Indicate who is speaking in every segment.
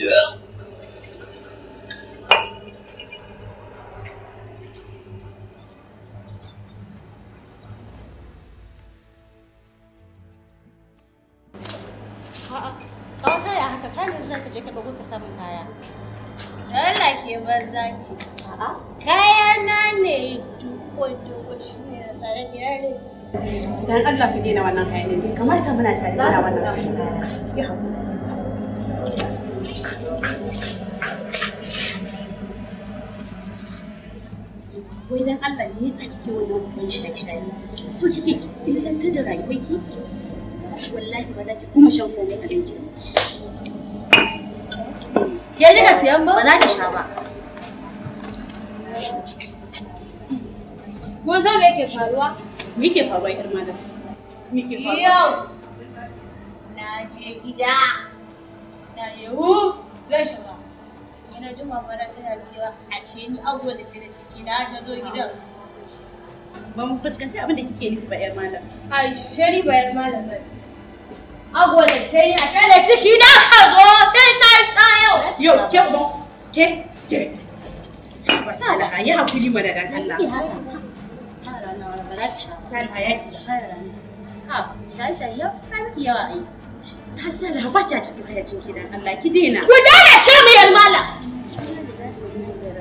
Speaker 1: Yeah. A'a, ta ya haka je ka ka kaya. Allah ke banza ce. na ne duko duko ne na ke yare. ku daina wannan kayan ne, kamar ta muna tare da wannan kayan. Ya wai dan Allah me yasa kike wannan kuɗin shaye-shaye so kike illanta da rayuwarki wallahi ba za ki kuma shan ne a danki ya ji ka siyan ba ba za ki sha ba ko za me yake faruwa me yake faruwa yar madam me yake faruwa yau na je gida na yau zai shiga na jima mara tana cewa ashe ni agwala ce da ciki na ta zo gidan ba mu fuskanci abin da kike nufi ba yar malam ai ni ba yar malam ba agwala ce ni ashe da ciki na ka zo sai na sha yau yo ke ba ke ke ba sala ya hakuri mana dan Allah Sai ya isa. Ha, shashayya, ta miki yawa ai. Ta sana ba a cikin hayacin gidan Allah ki dina. Ku dena ce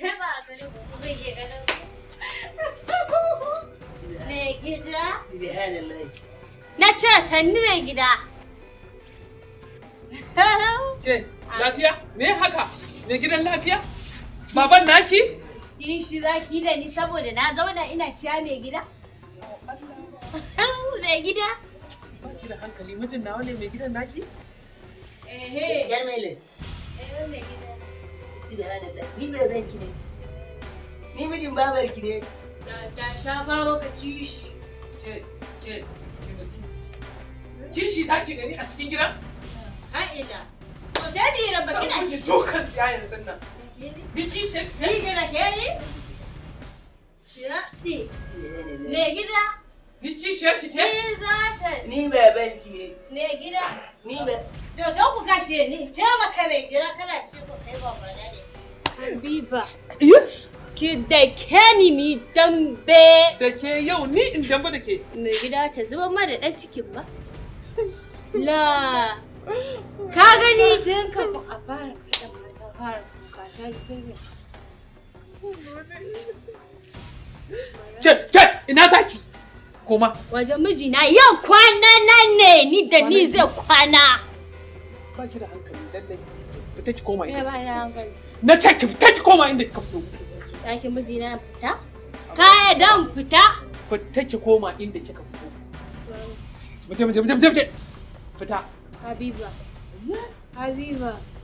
Speaker 1: kai na sannu mai gida Ke lafiya me haka mai gidan lafiya baban naki in shi da ni saboda na zauna ina ciya mai gida mai gida baki da hankali mijin nawa ne mai gidan naki ehe yar mai gida subhanallah ni bai zan ki ne ni mijin babar ki ne da sha faro ka kishi ke ke kishi za ki gani a cikin gidan. gida ha'ila to sai da yara baki na kishi to kan ya yanzu nan ni kishi ta ni gida ke ni shirasti me gida ni kishiyar ki ce? Ni za ta. Ni baban ki ne. ne gida? Ni ba. To sai ku kashe ni. Ce maka mai gida kana ce ku kai babana ne. Habiba. Ki da ke ni mi dambe. Da ke yau ni in dambe da ke. Mai gida ta zuba ma da ɗan cikin ba. La. Ka gani? Don ka ku a fara kaɗan da mata fara kuka ta girme. chet chet ina zaki? Koma. Wajen mijina yau kwana nan ne ni da ni zai kwana. Ba ki da hankali lallai. fita ki koma inda. na Na ce ki fita ki koma inda ka fito. Daki miji na fita? Kaya dan fita. Fita ki koma inda kika fito. Muje muje muje muje. Fita. Habiba. Habiba.